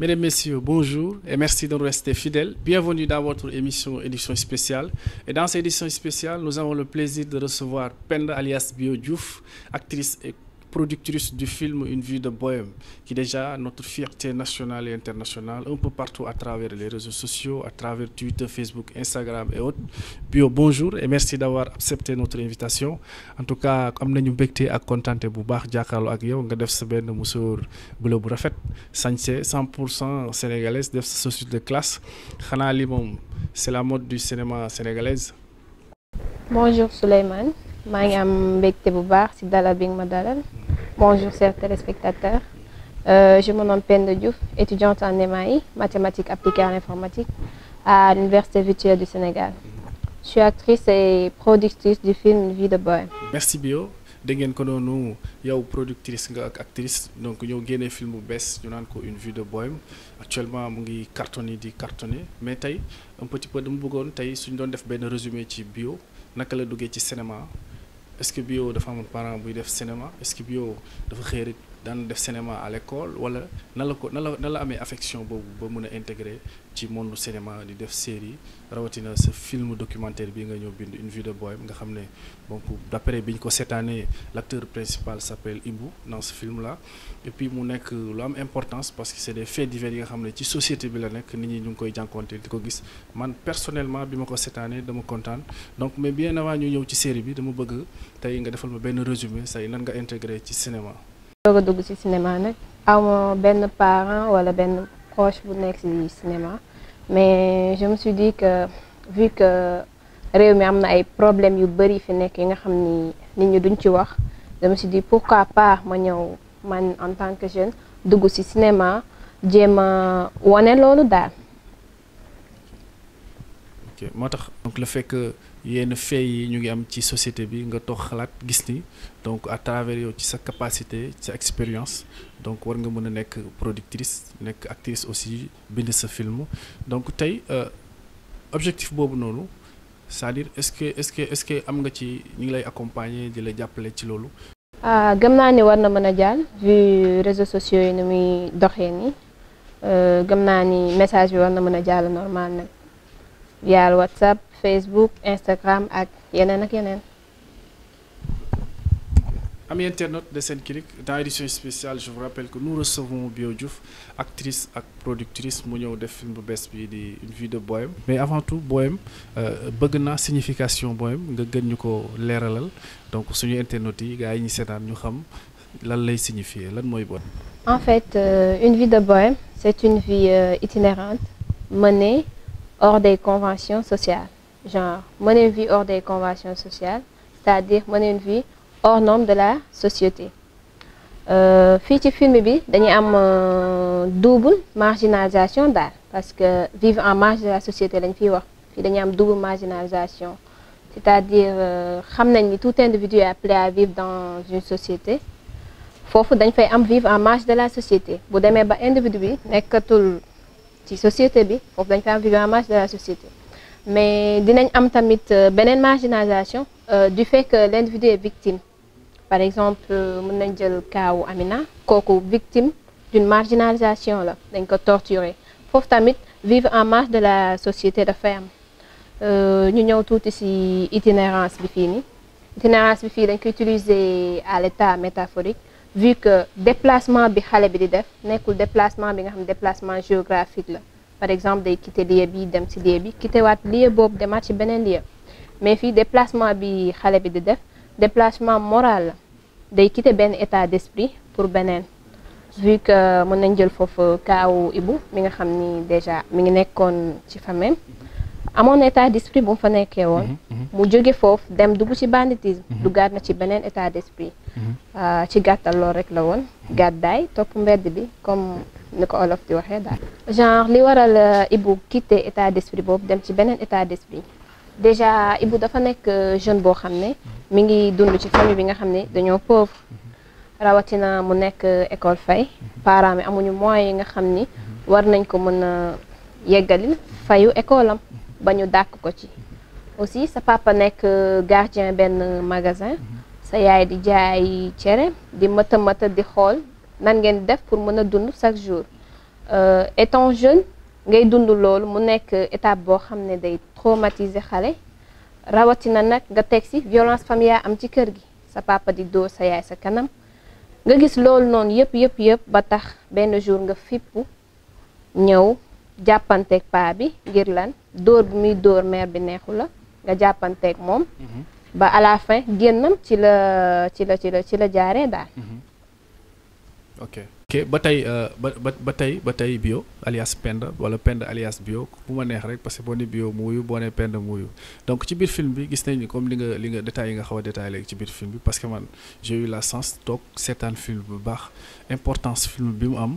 Mesdames, Messieurs, bonjour et merci de nous rester fidèles. Bienvenue dans votre émission édition spéciale. Et dans cette édition spéciale, nous avons le plaisir de recevoir Penda alias Bio Diouf, actrice productrice du film Une vie de bohème, qui déjà notre fierté nationale et internationale, un peu partout à travers les réseaux sociaux, à travers Twitter, Facebook, Instagram et autres. Bio, bonjour et merci d'avoir accepté notre invitation. En tout cas, am nañu mbégte ak kontaante bu baax jàkkaarloo ak yow nga def sa benn musóor bu bu rafet sañse pour cent sénégalaise def sa société de classe xanaa li moom c'est la mode du cinéma sénégalaise. bonjour Souleymane maa Bonjour, chers téléspectateurs. Euh, je me nomme Penda Diouf, étudiante en yi mathématiques appliquées à l'informatique, à l'Université virtuelle du Sénégal. Je suis actrice et productrice du film Vie de Boy. Merci Bio. dégg ngeen ko noonu yow productrice nga ak actrice donc ñëw génnee film bu bees ñu naan ko une vie de bohème actuellement mu ngi cartonné di cartonné mais tey un petit peu dama bëggoon tey suñu doon def benn résumé ci bio naka la duggee ci cinéma est-ce que bio dafa amul parent buy def cinéma est-ce que bio dafa xëy daan def cinéma à l'école wala na la ko na la na la amee affection boobu ba mun a intégrer ci monde cinéma di def série rawatina sa film documentaire bi nga ñëw bind une vie de bohème nga xam ne donc d'après bi ñu ko seetaanee l'acteur principal s'appelle Ibou dans ce film là et puis mu nekk lu am importance parce que c'est des faits divers yi nga xam ne ci société bi la nekk nit ñi ñu ngi koy jànkoonte di ko gis man personnellement bi ma ko seetaanee dama kontaan donc mais bien avant ñu ñëw ci série bi dama bëgg tey nga defal benn résumé say nan nga intégré ci cinéma soog dugg ci cinéma nag amoo benn parent wala benn coche bu nekk ci cinéma mais je me suis dit que vu que réew mi am na ay problèmes yu bëri fi nekk yi nga xam ni nit ñi duñ ci wax je me suis dit pourquoi pas ma ñëw man en tant que jeune dugg ci cinéma jéem a wane loolu daal. ok moo tax. donc la fekk que yenn fee yi ñu ngi am ci société bi nga toog xalaat gis ni donc à travers yow ci sa capacité sa expérience donc war nga mën a nekk productrice nekk actrice aussi bind sa film donc tey euh, objectif boobu noonu c'est-à-dire est-ce que est-ce que est-ce que am nga ci ñu ngi lay accompagner di la jàppale ci loolu. Ah, gëm naa ni war na mën a jàll vu réseaux sociaux yi ni muy doxee nii euh, gëm naa ni message bi war na mën a jàll normal nag. via whatsapp facebook instagram ak yeneen ak yeneen Amis internautes de Senclic dans édition spéciale je vous rappelle que nous recevons Bio actrice ak productrice mu ñëw def film bu bees bi di une vie de bohème mais avant tout bohème euh, bëgg na signification bohème nga gën ñu ko leeralal donc suñu internautes yi gars yi ñu seetaan ñu xam lan lay signifier lan mooy bohème. en fait euh, une vie de bohème c'est une vie euh, itinérante menée hors des conventions sociales genre mener une vie hors des conventions sociales c'est-à-dire mener une vie hors norme de la société euh, fii ci film bi dañuy am euh, double marginalisation daal parce que vivre en marge de la société lañ fiy wax fii dañuy am double marginalisation c'est-à-dire euh, xam nañ ni tout individu est appelé à vivre dans une société foofu dañu fay am vive en marge de la société bu demee ba individu bi nekkatul ci société bi foofu dañ fa am violence de la société mais dinañ am tamit euh, beneen marginalisation euh, du fait que l'individu est victime par exemple euh, mën nañ jël kaawu Amina kooku victime d'une marginalisation la dañ ko torturer foofu tamit vive en marge de la société dafay am ñu ñëw tuuti ci itinérance bi fii nii itinérance bi fii dañ ko utiliser à l'état métaphorique vu que déplacement bi xale bi di def nekkul déplacement bi nga xam déplacement géographique la par exemple day quitter lieu bi dem ci lieu bi quitter waat lieu boobu demaat ci beneen lieu mais fii déplacement bi xale bi di def déplacement moral la day quitter benn état d'esprit pour beneen vu que mën nañ jël foofu kaaw Ibu mi nga xam ni déjà mi ngi nekkoon ci famille amoon na état d'esprit bu mu fa nekkee woon. Mhm, mhm. mu jóge foofu dem dugg ci banditisme. Mhm. duggaat na ci beneen état d'esprit. Ah, ci gàttal loolu rek la woon. gàddaay topp mbedd bi comme ni ko olof di waxee daal. genre li waral euh, ibu quitté état d'esprit boobu dem ci beneen état d'esprit déjà ibu dafa nekk euh, jeune boo xam ne mi ngi dund ci famille bi nga xam ne dañoo pauvre rawatina mu nekk euh, école fay parent mi amuñu moyens yi nga xam ni war nañ ko mën a yeggalil fayu école am. ba ñu dàkk ko ci aussi sa papa nekk euh, gardien benn euh, magasin mhm. sa yaay di jaay cere di mëta mëta di xool nan ngeen def pour mën a dund chaque jour euh, étan jeune ngay dund loolu mu nekk étape boo xam ne day traumatiser xale rawatina nag nga teg si violence familiale am ci kër gi sa papa di dóor sa yaay sa kanam nga gis loolu noonu yëpp yëpp yëpp ba tax benn jour nga fippu ñëw jàppanteeg paa bi ngir lan dóor bi muy dóor mère bi neexu la nga jàppanteeg moom. Mhm. ba à la fin génnam ci la ci la ci la ci la jaaree daal. Mhm. ok ok ba tey euh, ba ba ba tey ba tey bio alias Penda wala Penda alias bio bu ma neex rek parce que boo ne bio muuyu boo ne Penda muuyu donc ci biir film bi gis nañu comme li nga li nga détails yi nga xaw a détaillé léegi ci biir film bi parce que man j'ai eu la chance toog seetaan film bu baax importance film bi mu am.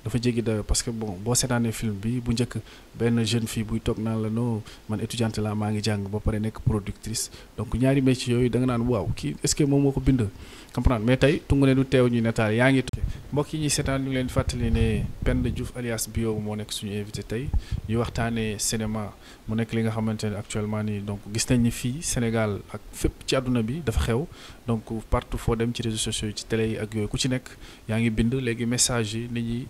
dafa jéggi dayo parce que bon boo seetaanee film bi bu njëkk benn jeune fille buy toog naan la non man étudiante la maa ngi jàng ba pare nekk productrice donc ñaari métiers yooyu da nga naan waaw kii est-ce que moom moo ko bind comprendre mais tey Tunguné du teew ñu nataal yaa ngi mbokk yi ñuy seetaan ñu leen fàttali ne Penda Diouf alias Bio moo nekk suñu invité tey ñu waxtaanee cinéma mu nekk li nga xamante ne actuellement nii donc gis nañ ni fii Sénégal ak fépp ci àdduna bi dafa xew donc partout foo dem ci réseaux sociaux yi ci télé yi ak yooyu ku ci nekk yaa ngi bind léegi message yi nit ñi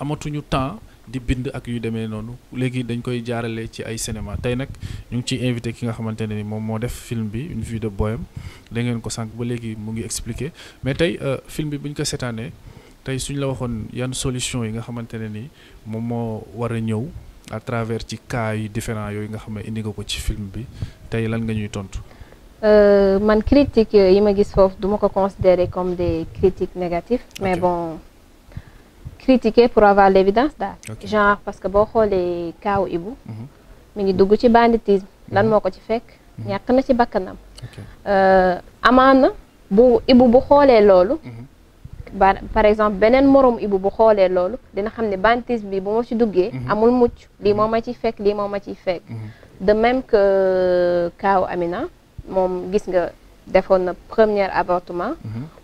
amatuñu temps di bind ak yu demee noonu léegi dañ koy jaarale ci ay cinéma tey nag ñu ngi ciy invité ki nga xamante ne ni moom moo def film bi une vie de bohème da ko sànq ba léegi mu ngi expliqué mais tey euh, film bi bu ko seetaanee tey suñ la waxoon yan solution yi nga xamante ne ni moom moo war a ñëw à travers ci cas différent différents yooyu nga xam ne indi nga ko ci film bi tey lan nga ñuy tontu. Euh, man critique yi ma gis foofu du ma ko considérer comme des critiques négatives critiqué pour avoir l' évidence daal. Okay. genre parce que boo xoolee kaaw Ibu. mu mhm. ngi dugg ci banditisme. Mhm. lan moo ko ci fekk. Mhm. ñàkk na ci bakkanam. Euh, na bu Ibu bu xoolee loolu. par exemple beneen moroom Ibu bu xoolee loolu dina xam ne banditisme bi bu ma ci duggee. amul mucc lii moom ma ciy fekk lii moom ma ciy fekk. de même que euh, kaaw Amina moom gis nga defoon na premier abortement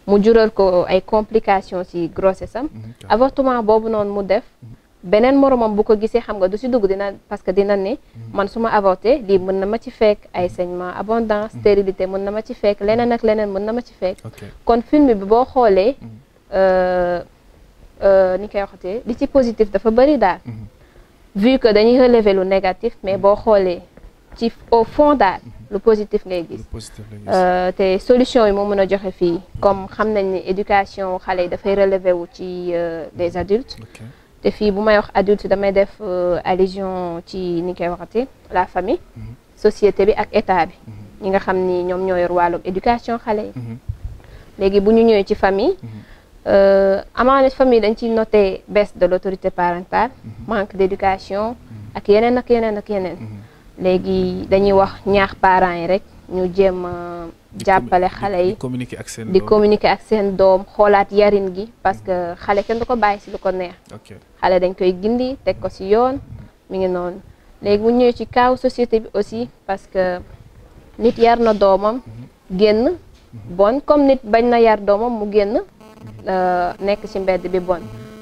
mu jural ko ay complications ci grossesse am mhm, avortement boobu noonu mu def mhm. beneen moromam bu ko gisee xam nga du si dugg dina parce que dina ni mhm. man suma ma lii mën na ma ci fekk ay saignement abondance stérilité mën na ma ci fekk leneen ak leneen mën na ma ci fekk kon film bi boo xoolee euh, euh, ni koy waxatee li ci positif dafa bëri daal vu que dañuy relever lu négatif mais boo xoolee ci au fond daal lu positif ngay gis euh, te solution yi moo mën a joxe fii comme xam nañ ne éducation xale yi dafay relever wu ci euh, des adultes te fii bu may wax adulte damay def euh, allusion ci ni koy waxati la famille mhm. société bi ak état bi mhm. ñi nga xam ni ñoom ñoo yor wàllum éducation xale yi mhm. léegi bu ñu ñëwee ci famille amaana famille dañ ci noté baisse de l' autorité parentale manque d' éducation ak yeneen ak yeneen ak yeneen léegi dañuy wax ñaax parents yi rek ñu jéem a jàppale xale yi di communiqué ak seen doom xoolaat yarin gi parce que xale kenn du ko bàyyi si lu ko neex xale dañ koy gindi teg ko si yoon mu ngi noonu léegi mu ñëwee ci kaw société bi aussi parce que nit yar na doomam mhm. génn mhm. bon comme nit bañ na yar doomam mu génn mhm. euh, nekk ci mbedd bi bon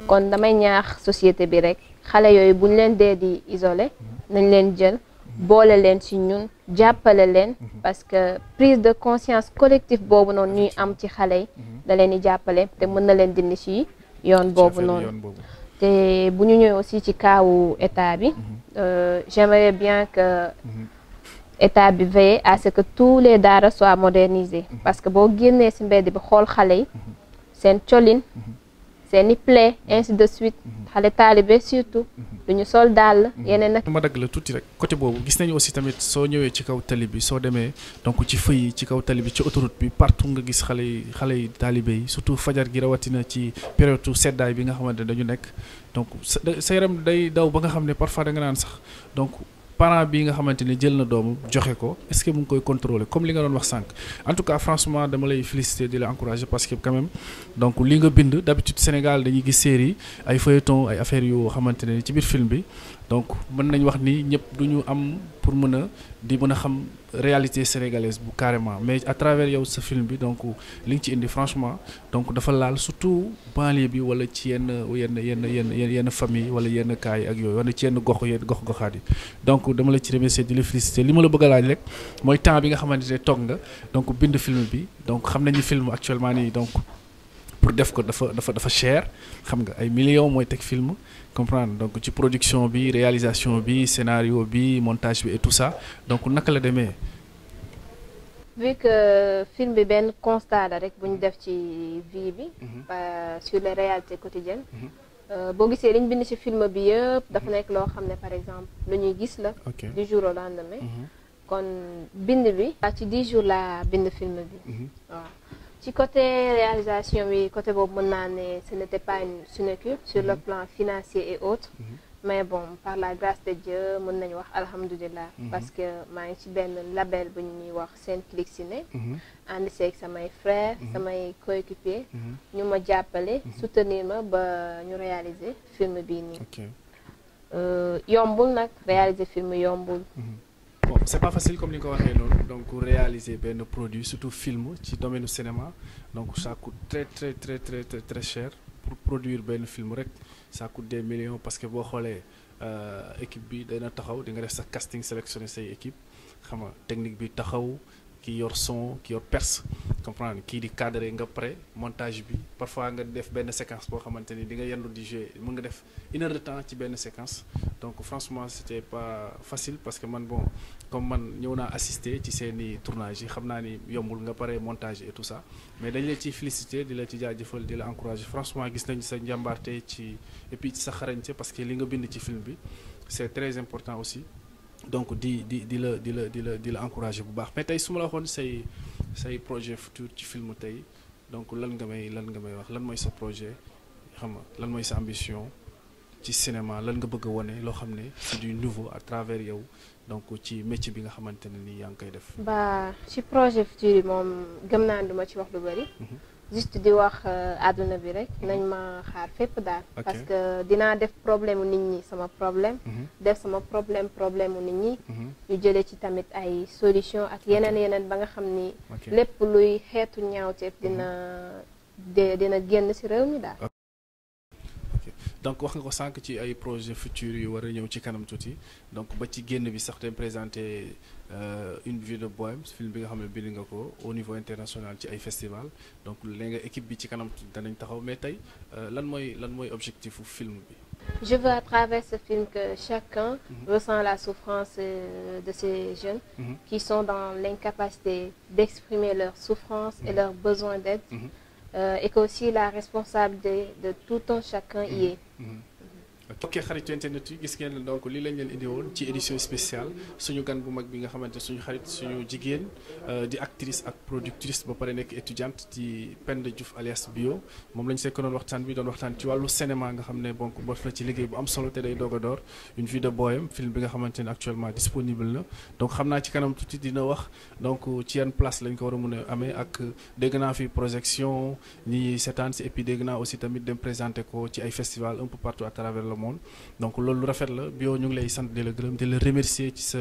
kon damay ñaax société bi rek xale yooyu buñ leen dee di isole nañ leen jël boole leen ci ñun jàppale leen mhm. parce que prise de conscience collective boobu noonu ñuy am ci xale yi mhm. da leen di jàppale te mën na leen dindi ci yoon boobu noonu te bu ñu ñëwee aussi ci kaawu état bi mhm. euh, j'aimerais bien que état bi veille à ce que tous les daara soient modernisés parce que boo génnee ci mbedd bi xool xale yi seen colin seeni plaie ainsi de suite mhm. xale taalibe surtout mhm. duñu sol daal mhm. yeneen ak ma dagg la tuuti rek côté boobu gis nañu aussi tamit soo ñëwee ci kaw tali bi soo demee donc ci feu ci kaw tali bi ci autoroute bi partout nga gis xale yi xale yi taalibe yi surtout fajar gi rawatina ci période seddaay bi nga xamante ne dañu nekk donc sa yaram day daw ba nga xam ne parfois da nga naan sax donc parent bi nga xamante ni jël na doomu joxe ko est ce que mu ngi koy contrôler comme li nga doon wax sànq en tout cas franchement dama lay féliciter di la encourager parce que donc li nga bind d'habitude Sénégal dañuy gis série ay feuilleton ay affaires yoo xamante ci biir film bi donc mën nañ wax ni ñëpp du am pour mën a di mën a xam. réalité sénégalaise bu carrément mais à travers yow sa film bi donc li nga ci indi franchement donc dafa laal surtout banlieue bi wala ci yenn yenn yenn yenn yenn famille wala yenn kaay yi ak yooyu wala ci yenn gox yenn gox goxaat yi donc dama la ci remercier di la féliciter li ma la bëgg a laaj rek mooy temps bi nga xamante ne toog nga donc bind film bi donc xam nañu film actuellement nii donc pour def ko dafa dafa dafa cher xam nga ay millions mooy teg film comprendre donc ci production bi réalisation bi scénario bi montage bi et tout ça donc naka la demee. vu que film bi benn constat la rek bu ñu def ci vie bi. Mhm. Euh, sur les réalités quotidiennes. Mhm. Euh, boo gisee li bind ci film bi yëpp dafa nekk loo xam ne par exemple lu ñuy gis la. du jour au lendemain. Mhm. kon bind bi. ci dix jours la bind film bi waaw. ci côté réalisation bi côté boobu mën naa ne ce n'était pas une sinecure sur le mhm. plan financier et autres mhm. mais bon par la grâce de Dieu mën nañu wax alhamdulilah mhm. parce que maa ngi ci benn label bu ñuy wax Senclic Ciné ànd seeg samay frères samay coéquipiers ñu ma jàppale soutenir ma ba ñu réaliser film bii nii euh, yombul nag réaliser film yombul bon c'est pas facile comme ni nga ko waxee noonu donc réaliser benn produit surtout film ci domaine cinéma donc ça coûte très très très très pour produire benn film rek ça coûte million millions parce que boo xoolee euh, équipe bi dana taxaw di nga def sa casting sélectionner say équipe xam nga technique bi taxaw ki yor son kii yor perse comprendre kii di cadré nga pare montage bi parfois nga def benn séquence boo xamante ni di nga yendu di jouer mën nga def une heure de temps ci benn séquence donc franchement c'était pas facile parce que man bon comme man ñëw naa assister ci seeni tournage yi xam naa ni yombul nga pare montage et tout ça mais dañ la ciy féliciter di la ci jaajëfal di la encourager franchement gis nañ sa njàmbaarte ci et ci sa xarañte parce que li nga bind ci film bi c'est très important aussi donc di di di la di la di la di la encouragé bu baax mais tey su ma la waxoon say say projet futur ci film tey donc lan nga may lan nga may wax lan mooy sa projet xam nga lan mooy sa ambition ci cinéma lan nga bëgg a wane loo xam ne c'est du nouveau à travers yow donc ci métier bi nga xamante ne nii yaa ngi koy def. ba ci projet futur yi moom gëm naa du ci wax lu bari. Mhm. juste di wax euh, àdduna bi rek nañ ma xaar fépp daal. parce que dinaa def problème nit ñi sama problème. Mhm. def sama problème problème nit ñi. Mhm. ñu jëlee ci tamit ay solution ak yeneen yeneen ba nga xam ni. lépp luy xeetu ñaaw ñaawteef dina mhm. dina génn ci réew mi daal. donc wax nga ko sànq ci ay projet futur yu war a ñëw ci kanam tuuti donc ba ci génn bi sax te présenté euh, une vie de bohème film bi nga xam ne bind nga ko au niveau international ci ay festival donc léegi équipe bi ci kanam tuuti danañ taxaw mais tey euh, lan mooy lan mooy objectifu film bi Je veux à travers ce film que chacun mmh. la souffrance euh, de ces jeunes mmh. qui sont dans l'incapacité d'exprimer leur souffrance mmh. et mhm. leur besoin d'aide. Euh, et que aussi la responsabilité de tout un chacun y est. Mm-hmm. Mm-hmm. ok xaritu internet yi gis ngeen donc lii lañ leen indi woon ci édition spéciale suñu gan bu mag bi nga xamante suñu xarit suñu jigéen euh, di actrice ak productrice ba pare nekk étudiante di Penda Diouf alias Bio moom lañ sekk noon waxtaan bi doon waxtaan ci wàllu cinéma nga xam ne bon bokk na ci liggéey bu am solo te day doog a door une vie de film bi nga xamante ne actuellement disponible na donc xam naa ci kanam tuuti dina wax donc ci yan place lañ a mun ak dégg fi projection ñi seetaan si tamit dem présenté ko ci ay festival un le monde donc loolu lu rafet la bio ñu ngi lay sant di la gërëm di la remercier ci sa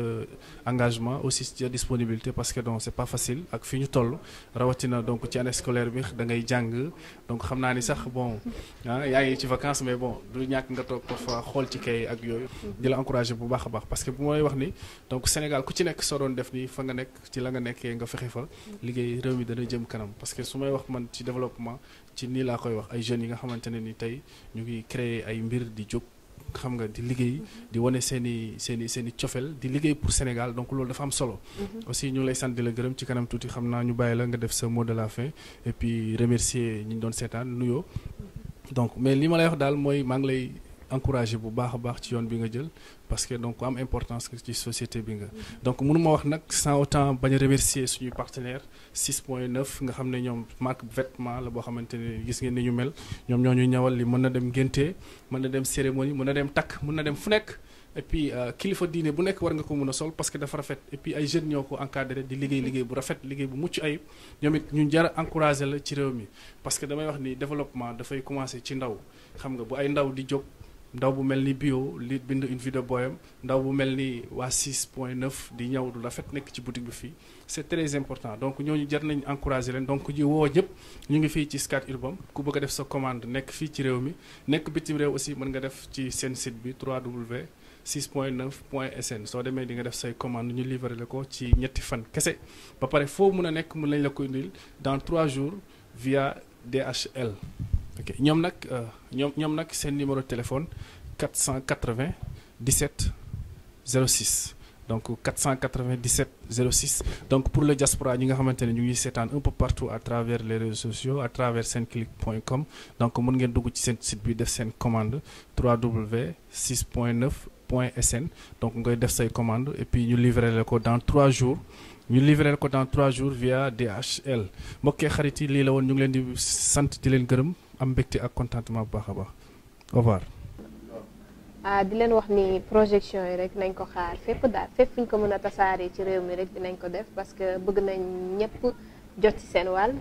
engagement aussi ci sa disponibilité parce que donc c'est pas facile ak fi ñu toll rawatina donc ci année scolaire bi da ngay jàng donc xam naa ni sax bon ah yaa ngi ci vacances mais bon du ñàkk nga toog parfois xool ci kay ak yooyu di la encourager bu baax a baax parce que bu may wax ni donc Sénégal ku ci nekk soo doon def ni fa nga nekk ci la nga nekkee nga fexe fa liggéey réew ci nii laa koy wax ay jeunes yi nga xamante ne ni tey ñu ngi créer ay mbir di jóg xam nga di liggéey di wane seen i seen i seen i cofeel di liggéey pour Sénégal donc loolu dafa am solo. Mm-hmm. aussi ñu ngi lay sant di la gërëm ci kanam tuuti xam naa ñu bàyyi la nga def sa mot de la fin et puis remercier ñi doon seetaan nuyoo. Mm-hmm. donc mais li ma lay wax daal mooy maa ngi lay encourager bu baax a baax ci yoon bi nga jël. parce que donc am importance ci société bi nga donc mënu wax nag sans autant bañ a remercier suñuy partenaire 6 point 9 nga xam ne ñoom marque vêtement la boo xamante ne gis ngeen ni ñu mel ñoom ñoo ñu ñawal li mën na dem ngénte mën na dem cérémonie mën na dem takk mën na dem fu nekk et euh, kilifa diine bu nekk war nga ko mën a sol parce que dafa rafet et puis ay jeunes ñoo ko encadré di liggéey liggéey bu rafet liggéey bu mucc ay ñoom it ñu jar a encouragé la ci réew mi parce que damay wax ni développement dafay commencé ci ndaw xam nga bu ay ndaw di jóg ndaw bu mel ni bio li bind une vie de boyam ndaw bu mel ni waa 6 point 9 di ñëw du rafet nekk ci boutique bi fii c'est très important donc ñooñu jar nañ encourager leen donc ñu woo ñëpp ñu ngi fii ci Scat Urbam ku bëgg a def sa commande nekk fii ci réew mi nekk bitim réew aussi mën nga def ci seen site bi 3w 6 point 9 point sn soo demee di nga def say commande ñu livrer ko ci ñetti fan kese ba pare foo mun a nekk mën nañ la ko dans 3 jours via DHL ok ñoom nag euh, ñoom ñoom nag seen numéro de téléphone 480 17 06 donc 497 06 donc pour le diaspora ñi nga xamante ne ñu ngi seetaan un peu partout à travers les réseaux sociaux à travers senclic.com donc mën ngeen dugg ci seen site bi def seen commande 3w 6.9 point sn donc ngay def say commande et puis ñu livrer la ko dans trois jours ñu livrer ko dans 3 jours via DHL mbokkee xarit yi lii la woon ñu ngi leen di sant di leen gërëm am mbégte ak contentement bu baax a baax ah, di leen wax ni projection yi rek nañ ko xaar fépp daal fépp fu ko mën a tasaaree ci réew mi rek dinañ ko def parce que bëgg nañ ñëpp jot ci seen wàll.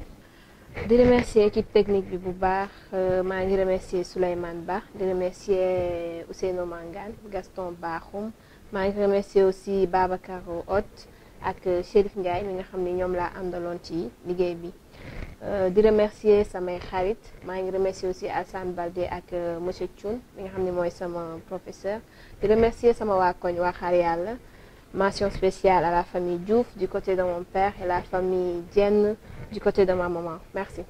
di remercier équipe technique bi bu baax euh, maa ngi remercier Souleymane Ba di remercier Ousseynou Mangane Gaston Bakhoum maa ngi remercier aussi Babacar Hott ak Chérif Ndiaye mi nga xam ni ñoom laa àndaloon ci liggéey bi. Euh, di remercier samay xarit maa ngi remercier aussi Alsane Balde ak euh, monsieur Thioune mi nga xam ni mooy sama professeur di remercier sama waa koñ waa xaar yàlla mention spéciale à la famille Diouf du côté de mon père et la famille Diène du côté de ma maman merci